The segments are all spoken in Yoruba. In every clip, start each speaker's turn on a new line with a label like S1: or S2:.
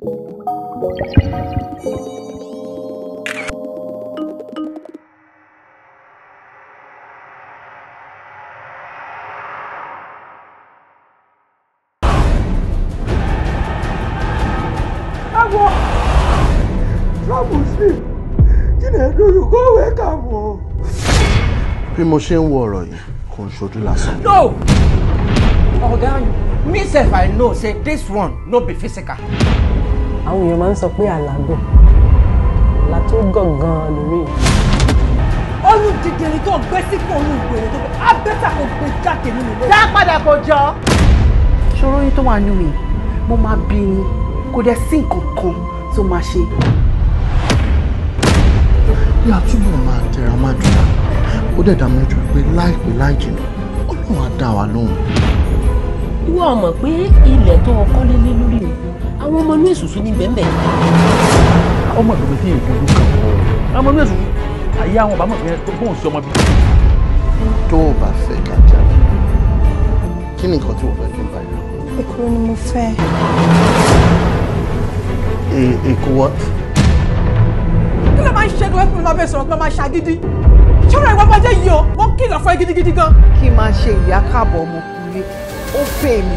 S1: bí mo ṣe ń wo ọ̀rọ̀ yìí kò ń ṣojú
S2: lásán. no ọ̀gá mi sef i know say this one no be physical
S3: àwọn èèyàn máa ń sọ pé àlágùn àlá tó gàngàn lórí yìí.
S4: olùdíje ni tó ń gbé sípò olú ìgbèrè tó fẹ́ abẹ́tà kò
S3: gbé jáde nínú ilé. dá padà kò jọ. ṣòro yín tó wà nù mí mo máa bí ni kò dẹ̀ sí nǹkan kan tó máa ṣe. bí a túbọ̀ máa
S1: tẹra máa dùnà ó dẹ̀ dá mi lójú pé láìpẹ́ láì jìnnà ọlọ́run á dá wa lóhùn.
S5: wọ́n mọ̀ pé ilẹ̀ tó ọkọ́ lé lé lórí mi àwọn ọmọ inú èsùsù ní bẹ́ẹ̀
S1: ọmọ ìgbìmọ̀ tí èèyàn dúdú kan ọmọ inú èsùsù àyè àwọn bàbá mi bóun sí ọmọ bí. tó o bá fẹ́ kájà kí ni nǹkan tí wọ́n fẹ́ kí n bá yà.
S4: èkó ni mo fẹ́.
S1: E, èkó what.
S4: kí ló máa ń ṣe
S3: ẹgbẹ́ fún mi máa bẹ sọ̀rọ̀ pé máa ṣàgídí ṣọ́ra ìwà bàjẹ́ yìí o wọ́n kìlọ̀ fún ẹ gidigidi gan. kí n máa ṣe ìyá káàbọ̀ ọmọkùnrin ó fẹ́ mi.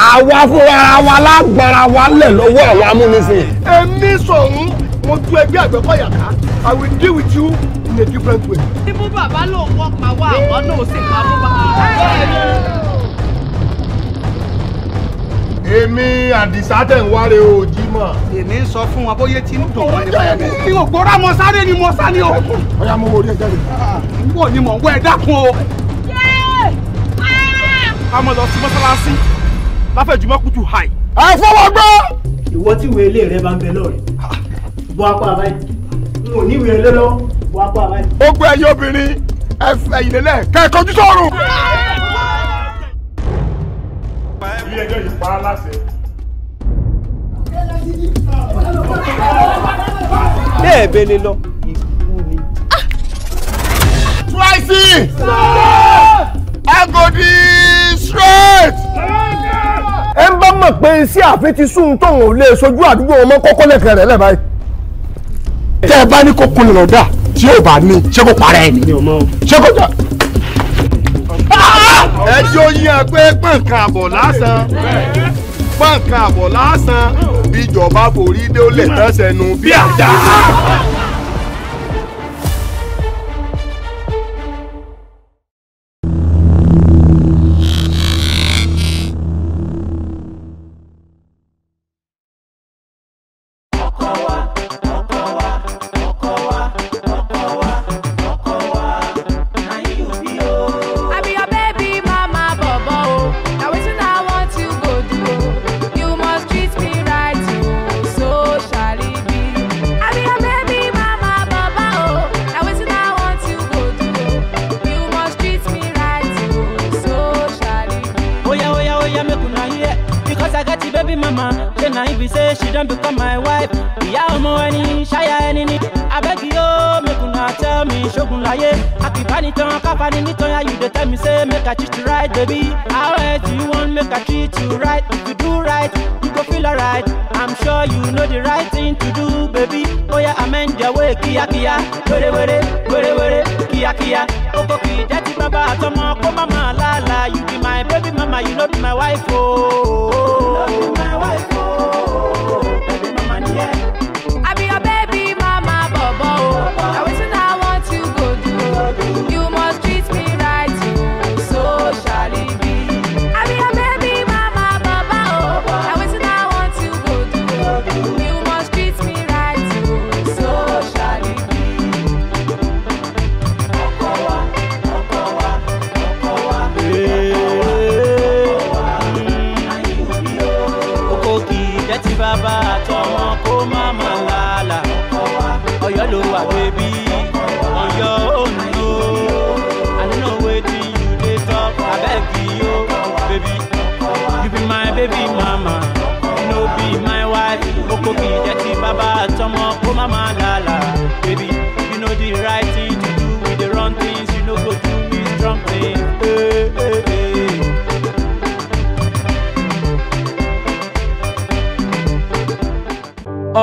S1: àwa fúnra wa lágbára wa lẹ̀ lọ́wọ́ àwọn amúnisìn. èmi sọ̀hún mo tú ẹgbẹ́ àgbẹ̀kọ̀yà ká i will deal with you in a different way. ibú
S3: bàbá lòun wọ́n pa wá àwọn náà sì pa bú bàbá.
S1: èmi àdìsá tẹ̀ ń wáre o Jímọ̀. èmi ń sọ fún wọn bóyá tí ń dùn wọn ní báyìí. mi ò gbọ́dọ̀ mọ sáré ni mo sá ni o. ọ̀yà mo wò ó rẹ̀. n kò ní mọ̀ ń wọ ẹ dákun o. a ah! mọ̀ lọ sí mọ́sálásí láfẹ̀jùmọ́ kùtù hàì. àìfọwọ́gbọ́. ìwọ tí ìwé ilé rẹ bá ń bẹ lọ́rẹ̀ bọ́ apá àbáyé n ò ní ìwé ilé lọ bọ́ apá àbáyé. ó gbé ẹyẹ obìnrin ẹfẹ ìlélẹ̀ kẹ́ẹ̀kọ́jú sọ̀rùn. ilé ẹjọ́ yìí pa láṣẹ. bẹ́ẹ̀ bẹ́ẹ̀ ni lọ ikú ni. Tracy! Agodi straight! ẹ ń bá mọ̀ pé iṣẹ́ àfin ti sún tóun ò lè sojú àdúgbò ọmọ kọ́kọ́ lẹ́kẹ̀ẹ́ rẹ̀ lẹ́ẹ̀ báyìí. tẹ́ ẹ bá ní kó kun lọ́dà tí yóò bá ní ṣé kò parẹ́ ẹ̀ ni ṣé kò jà ẹ jó yín ẹ pé àbọ̀ lásán pọ̀nkan àbọ̀ lásán bíjọba forí dé ó lè tẹ́sẹ̀ nu bí àjà.
S2: right, if you do right, you go feel alright. I'm sure you know the right thing to do, baby. Oya amend your way, kia kia, wéré wéré, wéré wéré, kia kia. Oko kì í jẹ́ ti bàbá àtọmọ kó má máa You be my baby mama, you know be my wife Oh, oh, oh. You know be my wife Oh. bàbá àtọmọ kó má má lálà baby you know the right thing to do with the wrong things you no go do with strong things. Hey, hey, hey.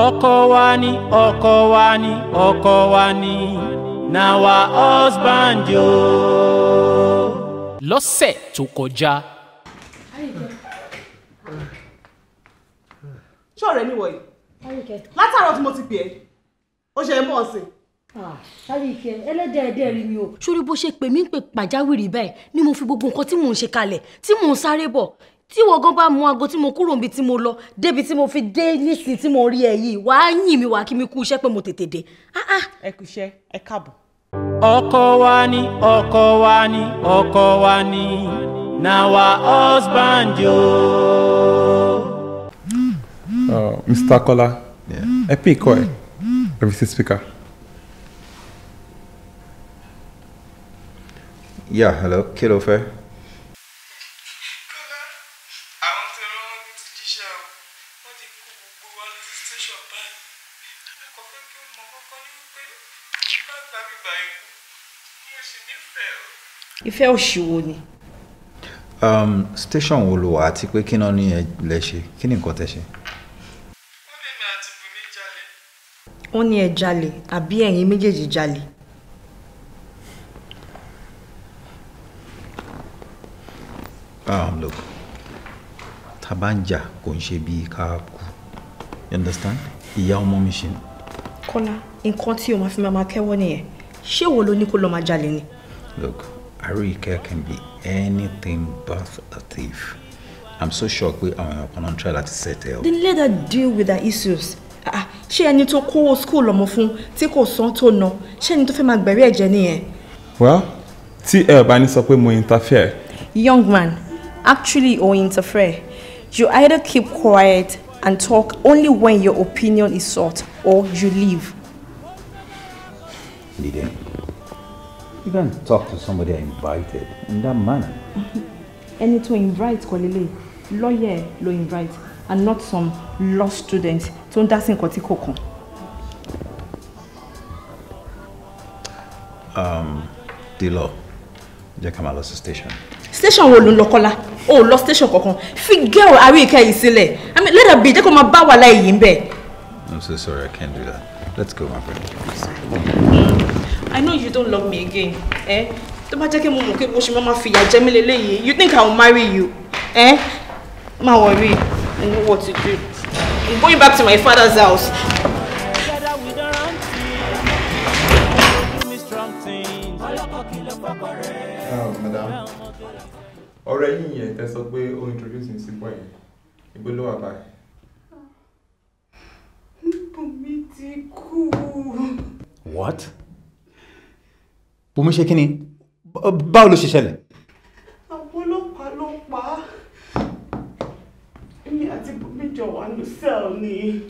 S2: ọkọ wa ni ọkọ wa ni ọkọ wa ni na wa husband yo. lọ́sẹ̀ tó kọjá.
S3: ṣọ́ọ̀rẹ́ ni wọ̀nyí. Àríkẹ́. látàárọ̀ tí mo ti pè é ó ṣe é bọ̀ ọ̀sìn.
S5: Àríkẹ́ ah, ẹlẹ́dẹ̀ ẹ̀dẹ̀ rí mi o. sórí bó ṣe pè mí pé pàjáwìrì báyìí ni mo fi gbogbo nǹkan tí mò ń ṣe kalẹ̀ tí mò ń sáré bọ̀ tí ìwọ gan bá mú aago tí mo kúrò níbi tí mo lọ débi tí mo fi dé nísìnyí tí mo rí ẹ yìí wàá yìn mí
S2: wàá kí mi kú iṣẹ́ pé mo tètè dé.
S5: Ah, ah.
S3: ẹ kú iṣẹ́ ẹ káàbọ̀.
S2: ọkọ wa ni ọkọ wa ni ọkọ wa ni na wa husband yoo.
S6: Oh, Mr. Kola. É pico, é. Pra você explicar.
S7: Yeah, hello, kid over.
S4: ìfẹ́ òṣì wo ni.
S7: um station wo lo wà àti pé kí náà ní ẹ lẹ ṣe kí ni tẹ ṣe.
S4: wọ́n ní ẹ jalè àbí ẹ̀yin méjèèjì jalè.
S7: um, look tá a bá ń jà kò ń ṣe bíi ká kú you understand ìyá ọmọ mi ṣe.
S4: kọ́lá nǹkan tí o máa fi máa kẹ́wọ́ nìyẹn ṣé wo ló ní kó lọ́ọ́ máa jalè ni.
S7: look Aríyìíkẹ́ can be anything but a thief i'm so sure pé àwọn èèyàn kan náà ń try láti settle. then
S4: let her deal with her issues Ah, ṣé ẹni tó kówó school ọmọ fún tí kò san tó na ṣé ẹni tó fẹ́ máa gbẹ̀rí ẹ̀jẹ̀ nìyẹn.
S6: well tí ẹ bá ní sọ pé mo interfere.
S4: young man actually o interfere you either keep quiet and talk only when your opinion is sought or you leave. Lide, you can
S7: talk to somebody I invited in that manner.
S4: ẹni tó invite kọ́lélẹ̀ lọ́yẹ̀ ló invite and not some lost student So that's in sí Koko.
S7: Um, kò kàn. dilo jẹ́ ká máa station.
S4: station wo ló ń lọ kọ́lá station Koko. fi girl we yìí sílẹ̀ i mean let her be jẹ́ kó máa bá
S7: i'm so sorry i can't do that let's go my friend.
S4: i know you don't love me again eh? tó bá jẹ́ kí mo mọ̀ pé bó ṣe you think i will marry you eh? My worry. I know what to do. I'm going back to my father's house.
S2: Um,
S6: madam, ọ̀rẹ́ there's a tẹ́ sọ pé ó introduce mi sí pọ̀ yẹn
S7: What? Bùnmi ṣe kí ni? Báwo
S3: hospital ni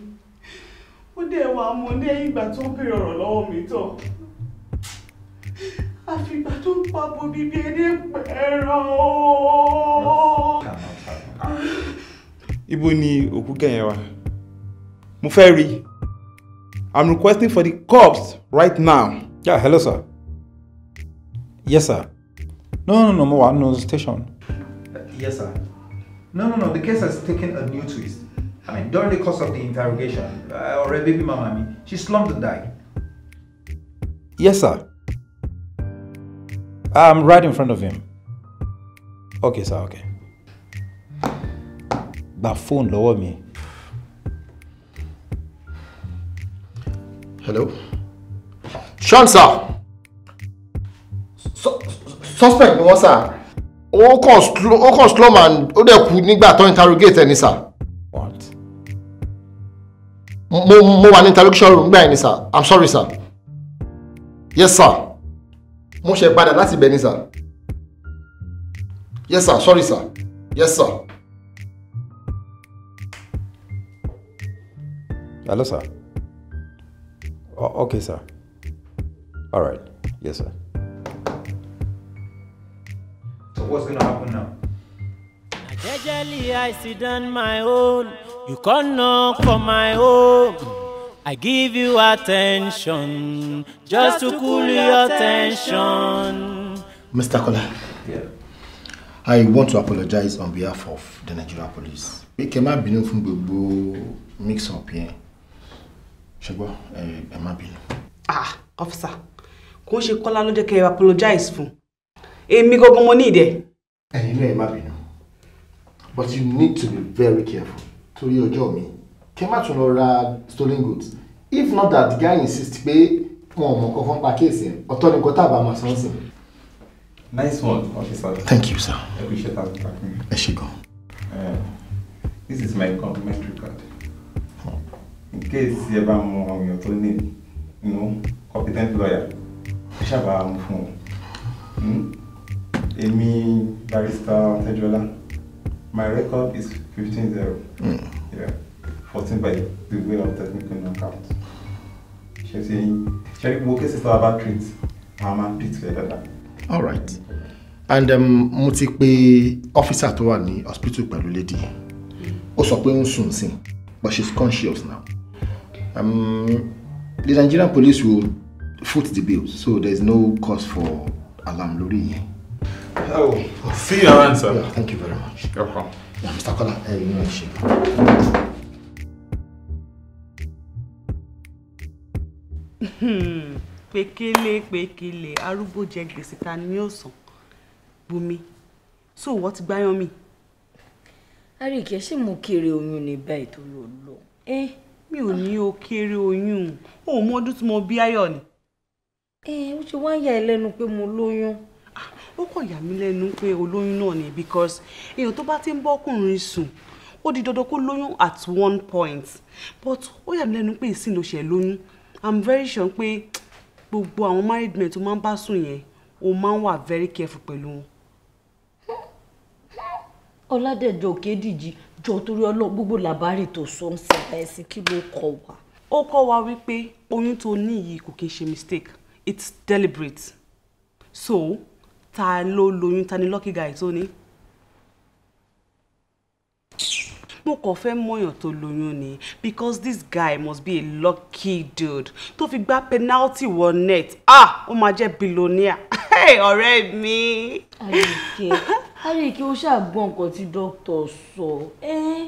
S3: ó dẹ̀ wá mú ní ẹ̀yìn ìgbà tó ń bèrè ọ̀rọ̀ lọ́wọ́ mi tán àfìgbà tó ń pa bomi bí ẹni pẹ̀rọ.
S6: ibo ni òkú kẹyìn wa mo fẹ́ rí i'm requesting for the cops right now. yeah hello sir yes sir
S7: no no no mo wà nínú station.
S6: yes sir no no
S7: no the case has taken a new twist. I mean, during the course of the interrogation, uh, or a baby mama, I mean, she slumped and died. Yes, sir. I'm right in front of him. Okay, sir, okay. That phone lower me. Hello? Sean, sir!
S1: Su suspect ni wọ́n, sir. Ó kàn slow man, ó dẹ̀ kú nígbà tó interrogate ẹni, sir mo mo wà ní interlocution room gbà ni sir i'm sorry sir yes sir mo ṣe padà
S7: láti ibẹ̀ ni sir
S1: yes sir sorry sir yes sir.
S7: hello sir o okay sir all right yes sir. so what's gonna happen now.
S2: jejely i sit down my own. You come knock for my home. I give you attention just, to cool your attention.
S1: Mr. Kola. Yeah. I want to apologize on behalf of the Nigerian police. We kẹ́ má bínú fún gbogbo mix up here. Ṣùgbọ́n ẹ má bínú.
S3: Ah, officer, kò ń ṣe Kọ́lá ló jẹ́ apologize
S1: fún. Èmi gangan mo ní ìdẹ. Ẹ̀yin náà ẹ But you need to be very careful torí ọjọ́ mi kẹ́ má tún lọ ra stolen goods if not that the guy insist pé wọn ò mọ nǹkan fún pa kéèsì ni kò tá máa san sí.
S6: nice one officer. thank you sir. I appreciate that. ẹ ṣé gan. Eh, this is my complimentary card in case ẹ bá mọ àwọn èèyàn tó ní inú competent lawyer ẹ ṣàbà mú fún un hmm? èmi barrister Tejuola my record is 15 0. Mm. Yeah. 14 by the way of technical knockout. Ṣé ṣe ṣe rí mo kése about bá Mama, màá máa treat
S1: All right. And um, mo ti pe ọ́físà tó wà ní hospital pẹ̀lú lady. Ó sọ pé ó ń but she's conscious now. Um, the Nigerian police will foot the bill so there's no cause for alarm lórí
S2: Oh, see you around sir.
S1: Yeah, thank you very much. You're welcome.
S7: Mr. Kola, ẹ̀yin náà ṣe.
S3: pekele pekele arúgbó jẹ gbèsè ta ni yóò san Bùnmi so wọ́n ti gbáyán mi.
S5: àríkẹ́ ṣé o kéré oyún ní báyìí tó lò lọ. mi ò ní o kéré oyún o ò mọ ọdún tí mo bí ayọ̀ ni. ẹ eh, ó ṣe wá ń ya ẹ lẹ́nu pé mo lóyún
S3: ó kàn yà mí lẹ́nu pé olóyún náà ni because èèyàn tó bá ti ń bọ́kùnrin sùn ó di dandan kó lóyún at one point but ó yà mí lẹ́nu pé ìsìn ló ṣe lóyún i'm very sure pé gbogbo àwọn married men tó máa ń bá sùn yẹn o máa
S5: ń wà very careful pẹ̀lú wọn. ọládẹjọ kédìjì jọ torí ọlọ gbogbo làbárì tó sọ ń sẹta ẹsìn kí ló kọ wá. ó kọ́ wa
S3: wípé oyún tó ní yìí kò kí ń ṣe mistake it's deliberate so ta ló lóyún ta ni lucky guy tó ní. mo kàn fẹ́ mọ̀yàn tó lóyún ni because this guy must be a lucky dude tó fi gbá penalty wọ net ah ó máa jẹ́ billionaire ọ̀rẹ́ mi. àyèké àyèké ó ṣàgbọ́n nǹkan tí dókítà sọ. Eh?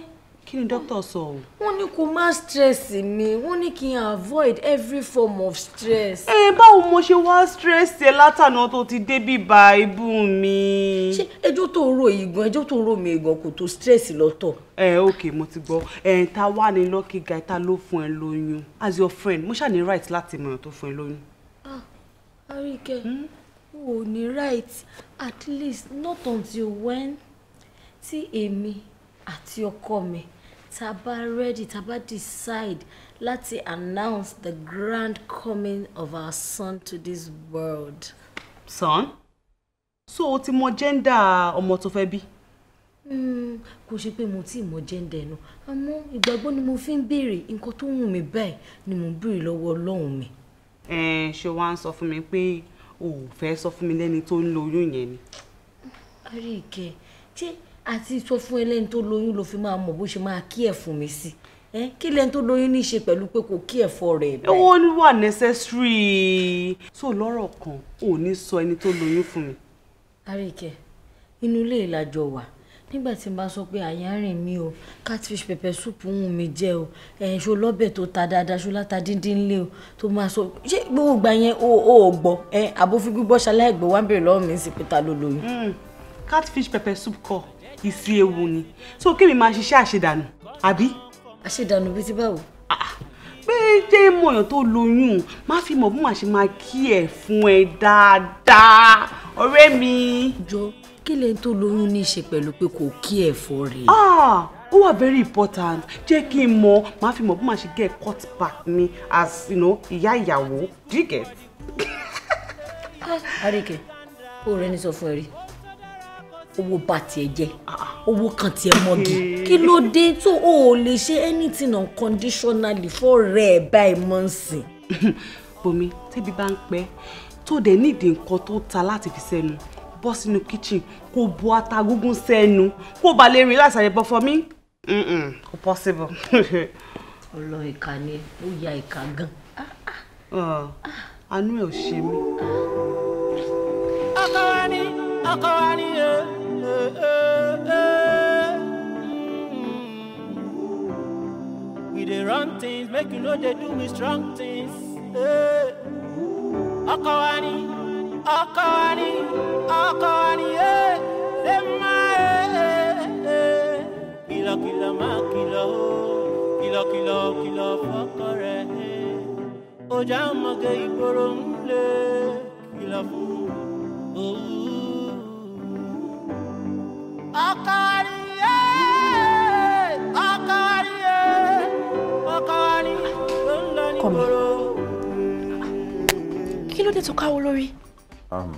S3: kí ni dókítà sọ o.
S5: wọ́n ní kó má stress mi wọ́n ní kí n avoid every form of stress. ẹ
S3: eh, báwo mo ṣe wá stress ẹ látànà tó ti débi ba ibú mi. ṣé ẹjọ́ tó rò ro gan ẹjọ́ tó rò mí gan kò tó stress lọ́tọ̀. ẹ eh, ok mo ti gbọ́ ẹ eh, ta wá ní lucky guy ló fún ẹ lóyún as your friend mo ṣáà right láti mọ̀ tó fún ẹ lóyún.
S5: ah Àríkẹ́ hmm? o ò ní right at least not until when tí èmi àti ọkọ mi tá ready tá a decide láti announce the grand coming of our son to this world. son
S3: so o ti mọ jẹ́ndà ọmọ tó fẹ́ bí. Hmm, kò ṣe pé mo ti mọ jẹ́ndà ẹnu àmọ́ ìgbàgbọ́ ni mo fi ń béèrè nǹkan tó wù mí báyìí ni mo ń béèrè lọ́wọ́ ọlọ́run mi. ẹ ṣe sọ fún mi pé o ò fẹ́ sọ fún mi lẹ́ni tó ń lo oyún yẹn ni.
S5: àríkẹ́ ṣé àti sọ fún ẹlẹ́ni tó lóyún ló fi máa mọ̀ bó ṣe máa kí ẹ̀ mi sí kí lẹ́ni tó lóyún ní í ṣe pẹ̀lú pé kò kí ẹ̀fọ́ rẹ̀ báyìí.
S3: owó ni wà necessary so lọ́rọ̀ kan ò ní sọ ẹni tó lóyún
S5: fún mi. àríkẹ́ inú ilé ìlàjọ wà nígbà tí n bá sọ pé àyà rìn o catfish pepper soup ń mi jẹ o ẹ̀ṣọ́ lọ́bẹ̀ tó ta dáadáa ṣó láta díndín ńlé o tó máa sọ ṣé gbogbo ìgbà yẹn o ò gbọ́ ẹ àbófin gbígbọ́ ṣaláìgbọ́ wá ń bèrè lọ́wọ́ mi sí pété ló lóyún. Hmm, catfish pepper soup kọ́ ìsì ewu ni so kí
S3: mi máa ṣiṣẹ́ àṣedànù àbí. àṣedànù bíi ti báwo. Ah, ah. pé jẹ́ mọ̀yàn tó lóyún má fi mọ̀ bí màá ṣe máa kí ẹ̀ fún ẹ dáadáa ọ̀rẹ́ mi. jọ kí lẹ́yìn tó lóyún ní í ṣe pẹ̀lú pé kò kí ẹ̀ fọ́ rẹ̀. Ah, ó wà very important jẹ́ kí n mọ̀ má fi mọ̀ bí màá ṣe get cut back ni as you know ìyá ìyàwó do you get. àríkẹ́
S5: ó rẹ ní sọ fún ẹ rí owó bá tiẹ̀ jẹ́ ah, ah. owó kan tiẹ̀ mọ́gi kí ló dé tó o ò lè ṣe anything unconditionally fún ọ̀rẹ́ ẹ̀ báyìí mọ́ ń sìn. bomi tẹ́bi bá ń pẹ́ tó dẹ̀ nídìí nǹkan tó ta láti fi
S3: sẹ́nu bọ́ sínú kitchen kó bu ata gúngún sẹ́nu kó ba lè rìn láti àyẹ̀bọ̀ fún mi kò possible. ọlọ ìka ni ó ya ìka gan. àánú ah, ẹ̀ ò ṣe mí.
S2: ọkọ wa ni ọkọ wa ni o. Mm. We dey run things, make you know they do me strong things. Hey. Eh. Akawani, akawani, akawani, eh. Dema, eh, eh. Kilo, kilo, ma, kilo, oh. kilo, kilo, kilo, fokore. Eh. Oja mage igboro nle, kilo fu, oh. Kọ̀ mi,
S4: kí ló dé tó káwọ́
S7: Um,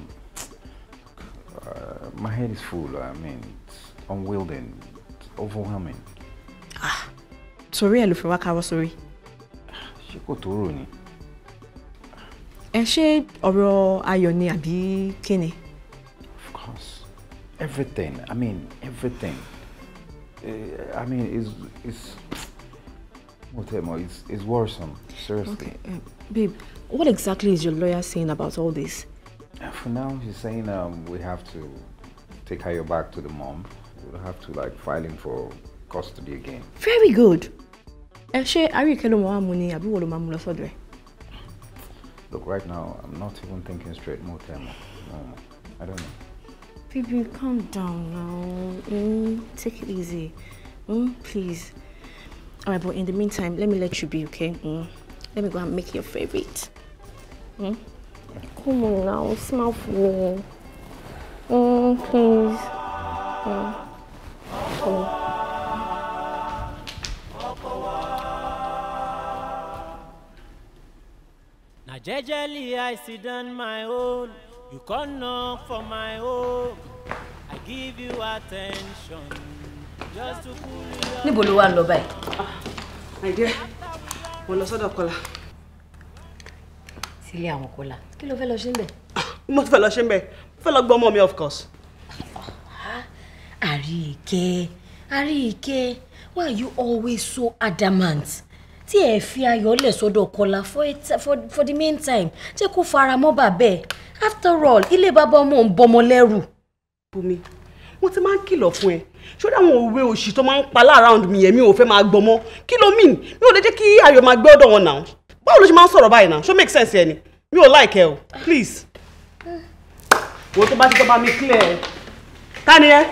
S7: uh, my head is full. I mean, it's unwielding, it's overwhelming.
S4: Ah, sorry, ẹ̀ ló fi wá káwọ́ sórí. Ṣé kò tó rò ni? Ẹ ṣé ọ̀rọ̀ ayọ̀ ni àbí kíni?
S7: everything. I mean, everything. Uh, I mean, it's, it's, Mutemo, it's, it's worrisome, seriously. Okay,
S4: uh, babe, what exactly is your lawyer saying about all this?
S7: Uh, for now, he's saying um, we have to take her back to the mom. We'll have to like file him for custody again.
S4: Very good. Eh,
S7: Look, right now, I'm not even thinking straight, Mutemo. No, I don't know.
S4: Baby, calm down now. Mm, take it easy. Mm, please. All right, but in the meantime, let me let you be, okay? Mm. Let me go and make your favorite. Mm? Come on now, smile for me. Mm, please. Mm. Oh.
S2: Now, Lee, I sit down my own. You come knock for my home. I give you attention. Just to pull
S3: you. Níbo ló wà ń lọ báyìí? Ah, my dear, mo lọ sọ́dọ̀ Kọ́lá. Sílé àwọn Kọ́lá.
S5: Kí ló fẹ́ lọ ṣe ń bẹ̀?
S3: Ah, mo fẹ́ lọ ṣe ń bẹ̀. Mo fẹ́ lọ gbọ́ ọmọ mi of course.
S5: Àríkẹ́, ah, Àríkẹ́, why are you always so adamant? tí ẹ fi ayọ̀ lẹ̀ sọ́dọ̀ Kọ́lá for, it for, for the meantime jẹ́ kó fara mọ́ bàbá ẹ̀ after all ilé bàbá ọmọ ń bọmọ lẹ́rù. bùnmi mo ti máa ń kìlọ̀ fún ẹ ṣọ́dọ̀ àwọn òwe òṣì tó máa ń
S3: pa láàráùnd mi yẹn mi ò fẹ́ máa gbọmọ kí ló mean mi ò lè jẹ́ kí ayọ̀ máa gbé ọ̀dọ̀ wọn náà báwo ló ṣe máa ń sọ̀rọ̀ báyìí náà ṣó make sense ẹ ni mi ò like ẹ o please. wo tó bá ti tọ́ba mi clear ẹ ká ni ẹ.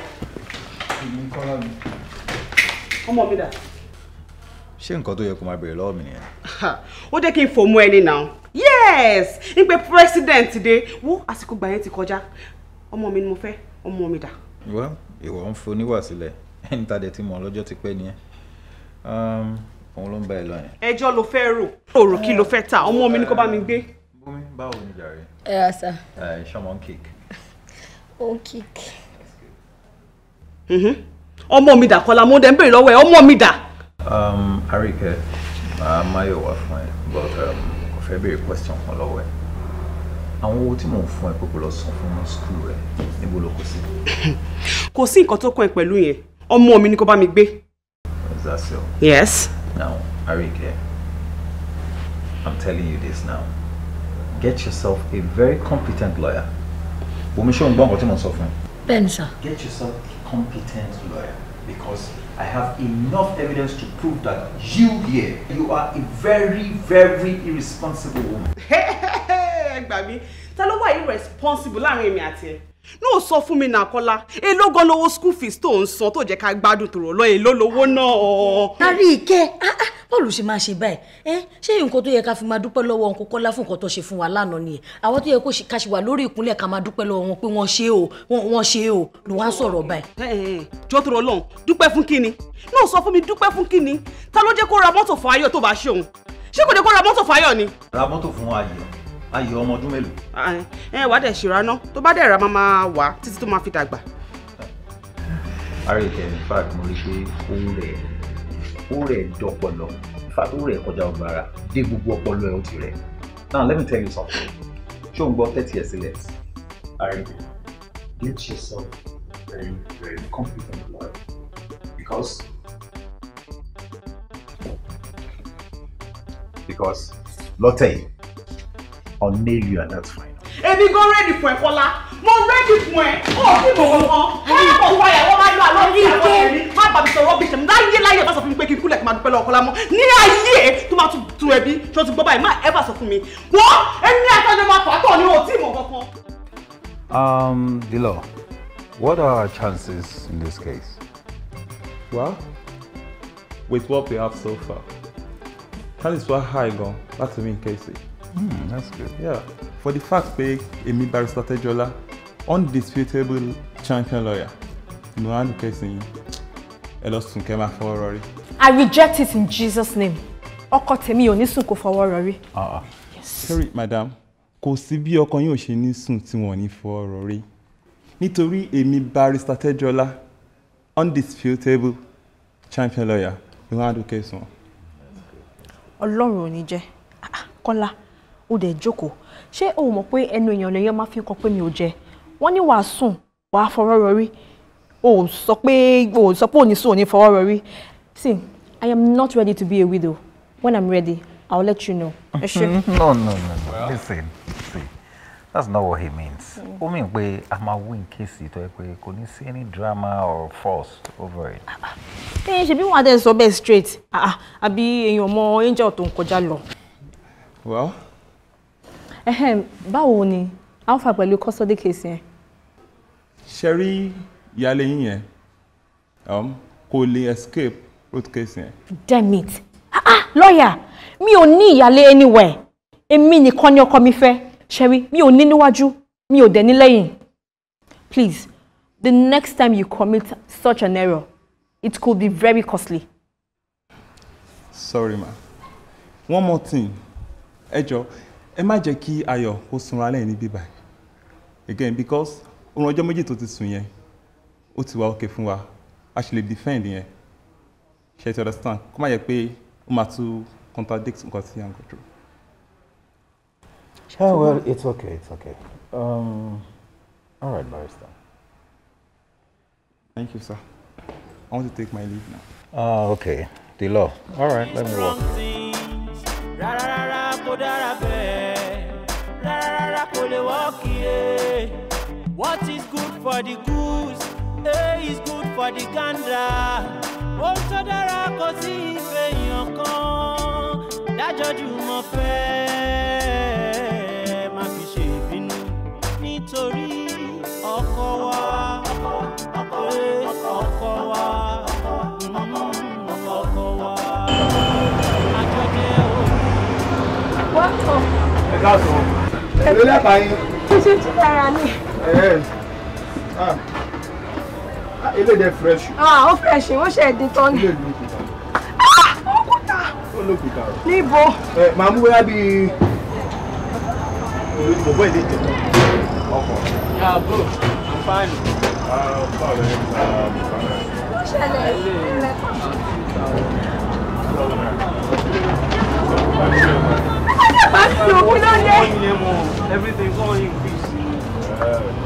S3: ọmọ mi dà.
S7: ṣé nǹkan tó yẹ kó máa béèrè lọ́wọ́ mi nìyẹn.
S3: ó jẹ́ kí n fò mú ẹni náà yes n pe president de wo àsìkò gbà yẹn ti kọjá ọmọ mi ni mo fẹ́ ọmọ mi da.
S7: ìwọ ìwọ ń fo níwà sílẹ̀ ẹni tá a dẹ ti mọ̀ lọ́jọ́ ti pẹ́ nìyẹn um, òun ló ń bá ẹ lọ yẹn.
S3: ẹjọ́ ló fẹ́ rò òrò kí ló fẹ́ ta ọmọ mi ni kò bá mi gbé.
S7: bómi báwo ni jàre. ẹ ẹ sà. ẹ ṣọmọ ń kíkì.
S3: ó ń kíkì. Mhm. ọmọ mi dà kọlá mo dẹ̀ ń béèrè lọ́wọ́ ẹ ọmọ mi dà.
S7: àríkẹ́ um, máa máyọ̀ wá fún ẹ but. Um, fẹ́ béèrè question kan lọ́wọ́ ẹ àwọn owó tí mò ń fún ẹ pé kò lọ san fún skul
S3: rẹ níbo ló kó sí. kò sí nǹkan tó kàn ẹ pẹ̀lú yẹn mi ni kò bá mi gbé.
S7: is yes. now Arike eh, i'm telling you this now get yourself a very competent lawyer omi ṣé o ń gbọ́ nǹkan tí mo ń sọ Ben ẹ. sir. get yourself a competent lawyer because I have enough evidence to prove that you here, you are a very, very irresponsible woman.
S3: Hey, gbà mí, ta ló wà irresponsible láàrin èmi àti ẹ? náà sọ fún mi náà kọ́lá èló school fees tó ń san tó jẹ́ ká gbádùn tòrò lọ èló
S5: lówó náà. àrí ìkẹ́ ah, ah, bọ́ọ̀lù ṣe máa ṣe báyìí ṣé nǹkan tó yẹ ká fi máa dúpẹ́ lọ́wọ́ ọ̀nkọ́ kọ́lá fún nǹkan tó ṣe fún wa lánàá nìyẹn àwọn tó yẹ ká ṣe wà lórí ìkúnlẹ̀ ká máa dúpẹ́ lọ́wọ́ wọn pé wọ́n ṣe o wọ́n ṣe o ló wá sọ̀rọ̀ báyìí. jọ́ tó dúpẹ́ fún kínni
S3: náà sọ fún mi dúpẹ́ fún kínni ta ló jẹ́ kó ra mọ́tò fún ayọ̀ tó bá ṣe òun ṣé kò jẹ́ kó ra mọ́tò fún ayọ̀ ni.
S7: ra mọ́tò fún ayọ̀ ayọ̀ ọmọ ọdún mélòó. ẹ ah,
S3: eh, wàá dẹ̀ ṣèrànà tó bá dẹ̀ ra máa máa wà títí tó máa fi dàgbà.
S7: ara ìtẹ̀ in fact mo rí i pé ó rẹ̀ ó rẹ̀ dọ́pọlọ in fact ó rẹ̀ kọjá ọgbà ara dé gbogbo ọpọlọ ẹ̀ ó ti rẹ̀ now let me tell you something ṣé o ń gbọ́ thirty years sílẹ̀ ara get yourself very very confident lawyer because because lọ́tẹ̀ yìí. I'll nail you and that's fine.
S3: Èmi go ready for ẹ Kọ́lá. Mo ready fún ẹ. O ò sí mọ̀ kankan. Wọ́n yà kọ̀ wáyà wọ́n máa lọ àlọ́ ní ìyàwó ẹ̀mí. Má bàbá mi sọ rọ́bìṣẹ̀ mi. Láyé láyé bá sọ fún mi pé kí n kúlẹ̀ kí n máa dúpẹ́ to Kọ́lá mọ́. Ní ayé ẹ̀ tó máa tún tu ẹbí tó ti gbọ́ báyìí má ẹ bá sọ fún mi. Wọ́n ẹni àtọ́jọ́ máa fà á tọ̀ ni o ò tí mọ̀
S7: Um,
S6: Dilo, what are our chances in this case? Well, with what we have so far, Kaliswa high gan láti mí kéésì. Mm, that's good. Yeah. For the fact pé èmi Barrister Tejola undisputable champion lawyer no hand case yin ẹ lọ sùn kẹ́ máa fọwọ́ rọrí.
S4: I reject it in Jesus name. Ọkọ tèmi ò ní sùn kó fọwọ́ rọrí.
S6: Ah, ah. Sorry madam, kò sí bí ọkọ yín ò ṣe ní sùn tí wọ́n ní fọwọ́ rọrí. Nítorí èmi Barrister Tejola undisputable champion lawyer no hand case wọn.
S4: Ọlọ́run ò ní jẹ́ ah, Kọ́lá ó dẹ̀ jókòó ṣé o mọ̀ pé ẹnu èèyàn lèèyàn máa fi kọ pé mi ò jẹ wọ́n ní wàá sùn wàá fọwọ́ rọrí o sọ pé o sọ pé òní sùn òní fọwọ́ rọrí see I am not ready to be a widow when I'm ready I'll let you know. ẹ ṣe.
S7: no no no well. listen see that's not what he means. ó mìn pé a máa win case tó yẹ pé kò ní sí any drama or force over it. Ah, ah.
S4: ẹ ṣe bí wọn á dẹ sọ bẹ́ẹ̀ straight ah, àbí èèyàn ọmọ angel tó ń kọjá lọ. well báwo ni a ń fà pẹ̀lú custody case yẹn.
S6: ṣe rí ìyáálé yín yẹn um, kò lè escape road case yẹn.
S4: damn it ah ah lọ́ọ̀yà mi ò ní ìyáálé anywhere èmi nìkan ni ọkọ mi fẹ́ ṣẹ́rí mi ò ní níwájú mi ò dẹ̀ ní lẹ́yìn. please the next time you commit such an error it could be very
S6: costly. sorry ma one more thing ẹ jọ̀ọ́ ẹ má jẹ́ kí ayọ̀ kó sunra lẹ́yìn níbí báyìí again because oorun ọjọ́ méjì tó ti sùn yẹn ó ti wá òkè fún wa a ṣe lè defend yẹn ṣe ti understand kó má yẹ pé ó máa tún contradict nǹkan tí à ń gbọ́dọ̀. Yeah, well, it's okay, it's okay. Um, all right, barrister. Thank you, sir. I want to take my leave now. Ah, uh, okay. The law. All right, let me walk.
S2: for the goose, eh, is good for the gander. Ó ń tó dára kò sí ìfẹ́ èèyàn kan, dájọ́jú mọ̀ fẹ́. Má fi ṣe ìbínú nítorí ọkọ wa, eh, ọkọ wa,
S4: mm-hmm, ọkọ wa. Àjọjẹ o. Wọ́n kọ̀. Ẹ káàsán. Ẹ lọ́lẹ́pàá yín. Ṣé ṣe ti dára ni?
S1: ilé dẹ fresh.
S4: ó fresh wọ́n ṣe ẹ̀dín tán
S1: ni. ilé ìlú kùtà. ó kùtà. ó ló kùtà o. níbo. ẹ màá mú bóyá bíi bọ̀bọ̀ ilé ìjẹta ọkọ̀. yà bro
S2: i'm fine. báwo lẹ
S4: ń ṣẹlẹ̀ ilẹ̀ kọ́.
S3: ọjọ́ bá ti òkú lóde. everything go increase.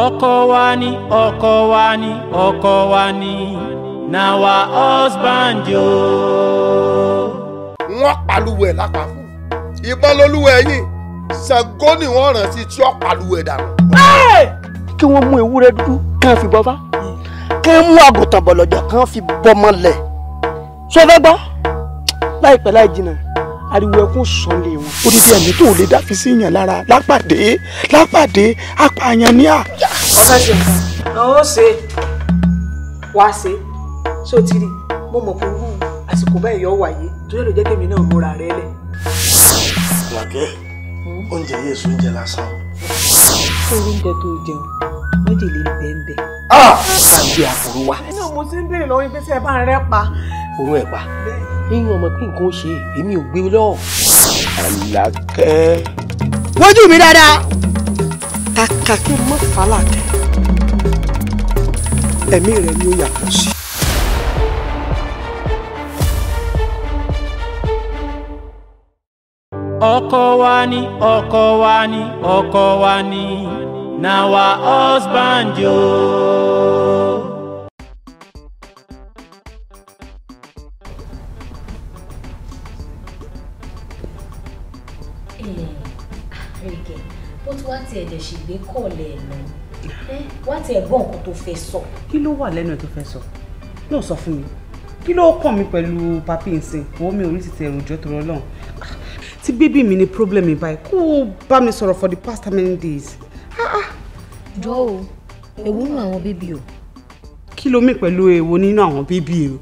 S2: ọkọ wa ni ọkọ wa ni ọkọ wa ni na wa husband o.
S1: wọ́n pàlùwẹ̀ lápapọ̀ ìbọn lolúwẹ̀ yìí Ṣàngó ni wọ́n rán sí tí ó pàlùwẹ̀ dànù. kí wọ́n mú ewúrẹ́ dúdú kàn fi bọ́fá kí wọ́n mú àgùntàn bọ̀lọ̀jọ̀ kàn fi bọ́mọ lẹ̀ sọfẹ́ gbọ́ láìpẹ́ láì jìnnà ariwo ẹkún sọlẹ̀ wọn. odidi ẹ̀mí tó lè dáfi sí yàn lára lápàdé lápàdé apààyàn ní à. ọ̀sán ṣe nǹkan àwọn ó ṣe
S3: wá ṣe ṣó ti rí mo mọ̀ pé irú àsìkò báyìí yọ wáyé torí ló jẹ́ kémi náà
S1: múra rẹ lẹ̀. làkẹ́ oúnjẹ yìí èso oúnjẹ lásán. oúnjẹ tó jẹun méjèlé ń bẹ́ẹ̀ bẹ́ẹ̀.
S5: Ah! àbí inú mo ti ń béèrè lọ́wọ́ ibi bá ń rẹ́ pa. orun ẹ̀ pa. bẹ́ẹ̀
S1: èèyàn mọ̀ pé nǹkan ó ṣe èmi ò gbé e lọ. Àlàkẹ́.
S5: wojú mi dáadáa
S1: kàkà kí n mọ fàlàkẹ́ ẹ̀mí rẹ̀ ni
S2: ó yàtọ̀ sí. ọkọ wa ni ọkọ wa ni ọkọ wa ni na wa husband yoo.
S5: tí ẹ̀jẹ̀ ṣègbè kọ̀ọ̀lẹ̀ ẹ̀ lọ wá tiẹ̀ gbọ́ nǹkan tó fẹ́ sọ. kí ló wà lẹ́nu ẹ̀
S3: tó fẹ́ sọ náà sọ fún mi kí ló kàn mí pẹ̀lú papi nsìn owó mi ò ti tẹ èròjọ́ tó rọ́ tí bébí mi ni problem mi báyìí kó o bá mi sọ̀rọ̀ for the past many days. Ah, ah.
S5: jọ o èwo nínú àwọn bébí o.
S3: kí ló mí pẹ̀lú èwo nínú àwọn bébí o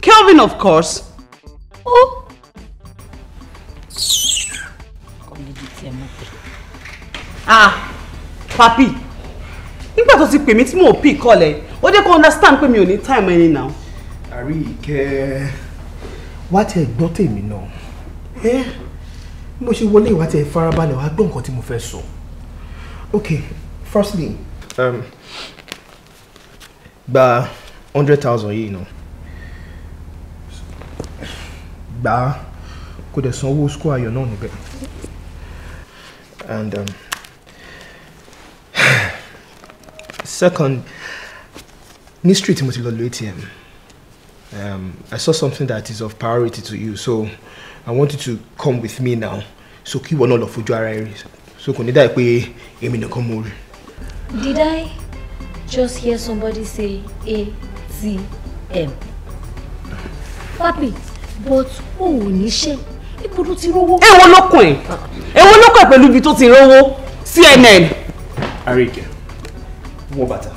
S3: Kelvin of course. oh. ah papi you better ti pè mí tí mò ń pì kọ́lẹ̀ ó dé kó understand pé me ò ní time money now. àrí ìkẹ́
S1: wá tiẹ̀ gbọ́ tèmi náà ẹ Eh? mo ṣe wọlé what tiẹ̀ farabalẹ̀ wá gbọ́ nǹkan tí mo fẹ́ sọ okay firstly um, gba hundred thousand yìí náà gbà á kó dẹ̀ sanwó school ayọ̀ náà níbẹ̀ and um, second ní Timothy mo um, i saw something that is of priority to you so i want you to come with me now so keep ìwọ náà lọ fojú ara ẹ rí so kò ní dà pé in the mo rí.
S5: did i just hear somebody say atm papi but o ò níṣẹ́ ipò tó ti rówó. èwo ló kàn ẹ́ èwo ló kàn ẹ́ pẹ̀lú ibi tó ti rówó cnn.
S1: àríkẹ́ wọ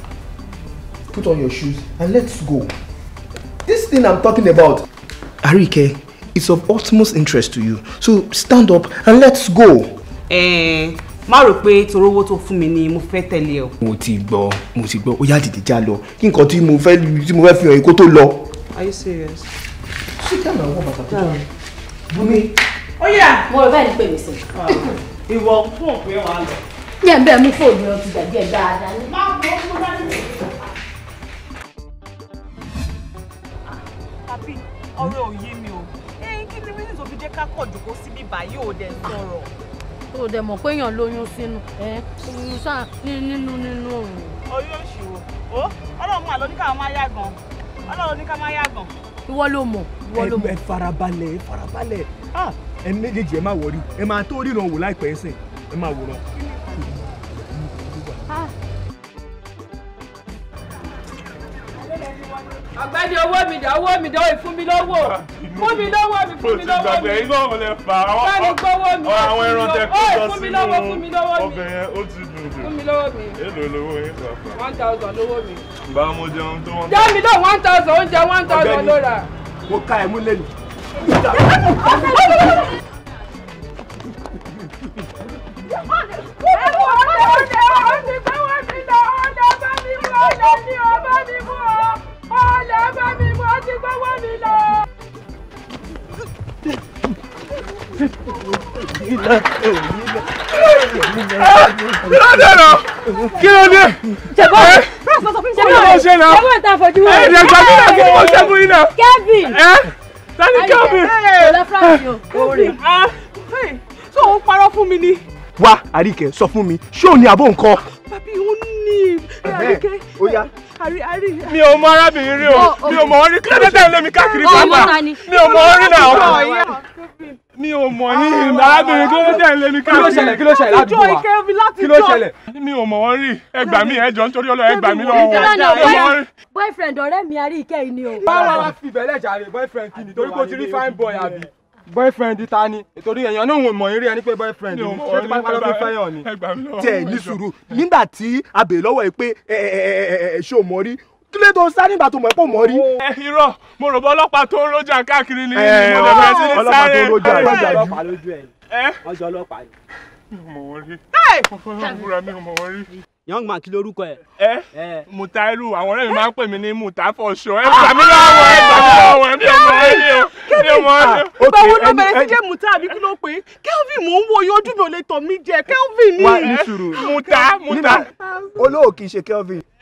S1: put on your shoes and let's go this thing i'm talking about. Arike it's of utmost interest to you so stand up and let's go.
S3: Eh, ma rò pé torówó tó fún mi ni mo fẹ́ tẹ̀lé ọ.
S1: mo ti gbọ́ mo ti gbọ́ ó yá dìde já lọ kí nǹkan tí mo fẹ́ tí mo fẹ́ fi hàn yín kó tó
S3: are you serious. ṣé kí àná wọ to tó jẹ́ bùnmi. Ah. ó yà. mo rò báyìí pè mí sí. Ah. ìwọ fún òpin wa lọ
S5: jẹ́ bẹ́ẹ̀ mú fóònù ọtí jàjẹ́ dáadáa ní.
S3: àbí ọ̀rẹ́ ò o kí ni mílíọ̀nù tó fi jẹ́ ká kọ̀ jòkó síbí báyìí ò dẹ̀ sọ̀rọ̀.
S5: o dẹ̀ mọ̀ pé èèyàn lóyún sínú oyún sáà nínú nínú òun.
S3: oyún òṣìwò o ọlọ́run máa lọ ní káwọn máa yá gan ọlọ́run ní ká máa yá gan.
S5: ìwọ ló mọ̀ ìwọ ló mọ̀. ẹ farabalẹ̀ ẹ farabalẹ̀
S1: ah, ẹ méjèèjì ẹ máa wọrí ẹ máa tó ríran wò láìpẹ́ ẹsẹ̀ ẹ máa
S3: ọ̀gbẹ́ni owó mi dá owó mi dá òye fún mi lọ́wọ́ ah, fún mi lọ́wọ́ mi fún mi lọ́wọ́ mi bẹ́ẹ̀ni gbọ́wọ́
S1: mi àwọn ẹran tẹ kó lọ sínú ọbẹ̀ yẹn ó ti dùn dùn fún mi lọ́wọ́ mi èlò lówó yín pàápàá one thousand lówó mi. bá mo jẹun tó wọn. jẹ́ mi lọ one thousand oúnjẹ one thousand ló rà. mo ka ẹ̀mú lẹ́nu. Ẹ
S4: wọ́n ọ̀rẹ́ ọ̀rẹ́ ọ̀rẹ́ ti gbé wá sí ìdá ọ̀dà bá mi mú ọ̀dà ni ọba mi mú ọ ti gbówó mi lọ.
S5: kí ló dé lọ
S2: kí ló dé. jẹ̀bọ́
S5: jẹ̀bọ́ jẹ̀bọ́ ta fojú wọn. ẹ̀ẹ́dẹ̀ gbà mí náà kí ni mo ṣẹ́gun yín náà. Kevin. ẹ tani Kevin.
S3: Kevin tó ń parọ́ fún mi ni.
S1: wá àríkẹ́ sọ fún mi ṣé ò ní àbó nǹkan.
S3: Papi, ó ní. Àríkẹ́. Ó yá. Àrí àrí. Mi ò mọ arábìnrin rí o. Mi ò mọ orí kílódé tẹ̀ lómi káàkiri pápá. Mi ò mọ orí náà.
S5: Mi ò mọ̀ ah, ní arábìnrin kílódé tẹ̀ lómi káàkiri. Kí ló ṣẹlẹ̀? Kí ló ṣẹlẹ̀ ládùúgbò wa? Kí ló ṣẹlẹ̀?
S6: Mi ò mọ̀ wọ́n rí. Ẹ gbà mí ẹjọ́ nítorí ọlọ́ ẹ gbà mí lọ́wọ́.
S5: Boyfriend ọ̀rẹ́ mi Àríkẹ́ yìí ni o. Báwo la fi bẹ̀lẹ̀ jàre boyfriend kìíní torí kò ti rí fine boy àbí?
S1: boyfriend ta ni nítorí èèyàn náà wọn mọ eré ẹni pé boyfriend ni ṣé tí pápá ló fi fẹ́yàn ni. tiẹ̀ ní sùúrù nígbà tí a bèè lọ́wọ́ ẹ pé ẹ ẹ ṣé o mọ̀ rí kí ló tó sáré ìgbà tó mọ̀ ẹ́ pò mọ́ rí. ẹ irọ́ mo rò bọ́ ọlọ́pàá tó ń rojà káàkiri ni mo bẹ̀rẹ̀ sí ní sáré ọlọ́pàá tó ń rojà ẹ ọjọ́ ọlọ́pàá ni. mi ò mọ̀ wọ́n rí young man kí lorúkọ ẹ. ẹ Mutairu àwọn ọ̀rẹ́ mi máa ń pè mí ní Muta for sure ẹ gbà mí lọ́wọ́ ẹ gbà mí lọ́wọ́ ẹ bí ọmọ ẹ yẹ bí ọmọ ẹ. Ah, ìgbà wo ló bẹ̀rẹ̀ sí jẹ́ Muta àbí
S3: kí ló pé Kelvin mò ń wo ojú mi ò lè tọ̀ mí jẹ Kelvin ni. wà á ní Muta Muta.
S1: olóò kì í ṣe Kelvin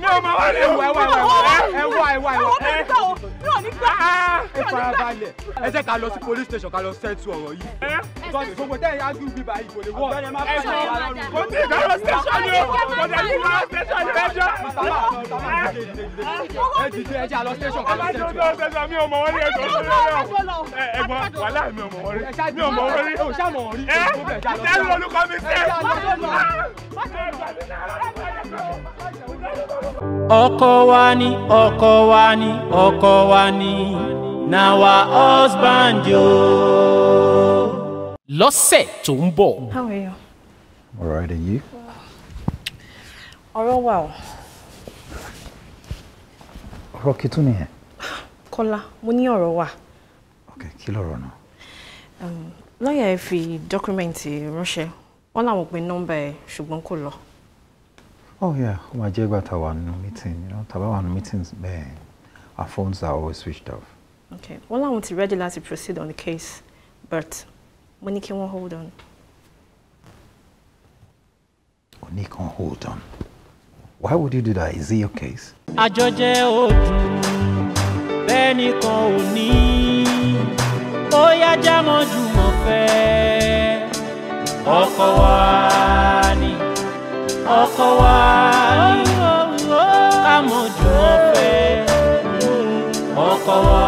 S2: mi ò máa wá lè wọ ẹwà ẹwà ẹwà ẹwà ẹwà
S1: ẹ ẹ farabalẹ̀ ẹ jẹ́ ká lọ sí police station ká lọ sẹ́ẹ̀tù ọ̀rọ̀ yìí tọ́jú gbogbo tẹ́ ẹ ágùn bíbá yìí kò lè wọ́ ẹ sọ kò tí ì ká lọ station ni o kò tẹ̀ sí lọ station ni ẹjọ́ ẹ dìde ẹ jẹ́ àlọ́ station ká lọ sẹ́ẹ̀tù ọ̀rọ̀ mi ò mọ̀ wọ́n rí ẹ̀gbọ́n ẹ̀gbọ́n wàhálà mi ò mọ̀ wọ́n rí mi ò mọ̀ wọ́n
S2: rí ẹ̀ ẹ̀ ẹ̀ lọ́lùkọ́ mi sẹ́ẹ̀. ọkọ wa ni ọkọ wa ni ọkọ wa ni na wa husband o. lọ́sẹ̀ tó ń bọ̀.
S4: how are you. all right and you. ọ̀rọ̀ wà o.
S7: ọ̀rọ̀ kí tún nìyẹn.
S4: kọ́lá mo ní ọ̀rọ̀ wà.
S7: ok kí lọ̀rọ̀ náà.
S4: Um, lọ́ọ̀yà ẹ fi dọ́kúmẹ́ǹtì ránṣẹ́ wọ́n làwọn pe nọ́mbà ẹ̀ ṣùgbọ́n kò lọ.
S7: Oh yeah, ó máa jẹ́ ìgbà tá a meeting, you know, tá a bá wà meetings bẹ́ẹ̀, our phones are always switched off.
S4: Okay, well, wọ́n láwọn ti ready to proceed on the case, but mo ní kí hold on.
S7: Ó ní kí hold on. Why would you do that? Is it your case?
S2: Àjọjẹ ojú bẹ́ẹ̀ nìkan ò ní, ó yá jámọ́ ọkọ wa ní ká mojú ọ̀fẹ́ ọkọ wa.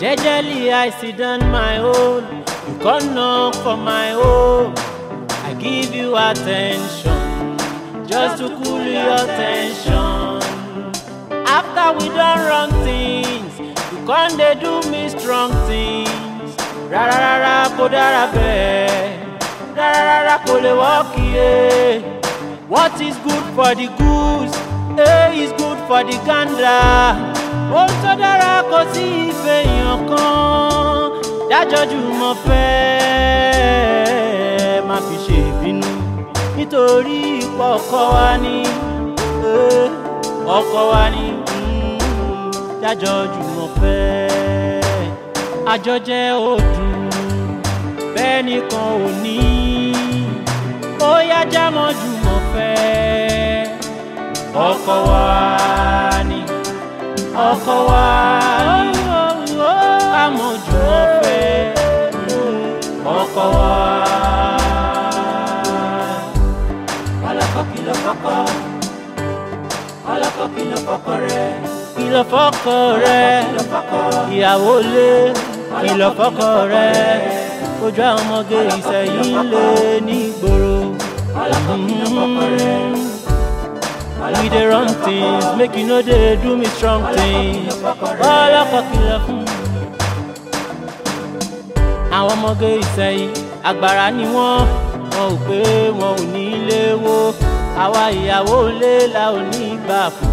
S2: Jejely, I sit on my own. You come knock for my own. I give you attention, just to cool your tension. After we done wrong things, you come dey do me strong things. Ra ra ra kò dára bẹ́ẹ̀ rárá kò what is good for the goose eh, is good for the gander. ohun tó dára kò sí ìfẹ́ èèyàn kan dájọ́jú mọ́ fẹ́ má fi ṣe ìbínú nítorí ipò ọkọ wa ni eh, ọkọ wa ni hmm, dájọ́jú mọ́ fẹ́ àjọjẹ òdùn bẹ́ẹ̀ nìkan ò ní ó yá jámọ́ jùmọ̀ fẹ́ ọkọ wa ni ọkọ wa ni àmọ́ jùmọ̀ fẹ́ ọkọ wa. ọlọ́kọ̀ kìlọ̀ kọ́kọ́ ọlọ́kọ̀ kìlọ̀ kọ́kọ́ rẹ̀ kìlọ̀ fọ́kọ rẹ̀ ìyàwó lé kìlọ̀ fọ́kọ rẹ̀ ojú àwọn ọmọge ìsẹ̀yìn lé nígboro. We dey run things, make you know they do me strong things. Wàhálà kọ̀kìlọ̀ fún. Àwọn ọmọge ìsẹ̀yìn àgbàrá ni wọ́n, wọn ò pé wọn ò ní ilé wo. Àwa ìyàwó ilé la ò ní gbà fún.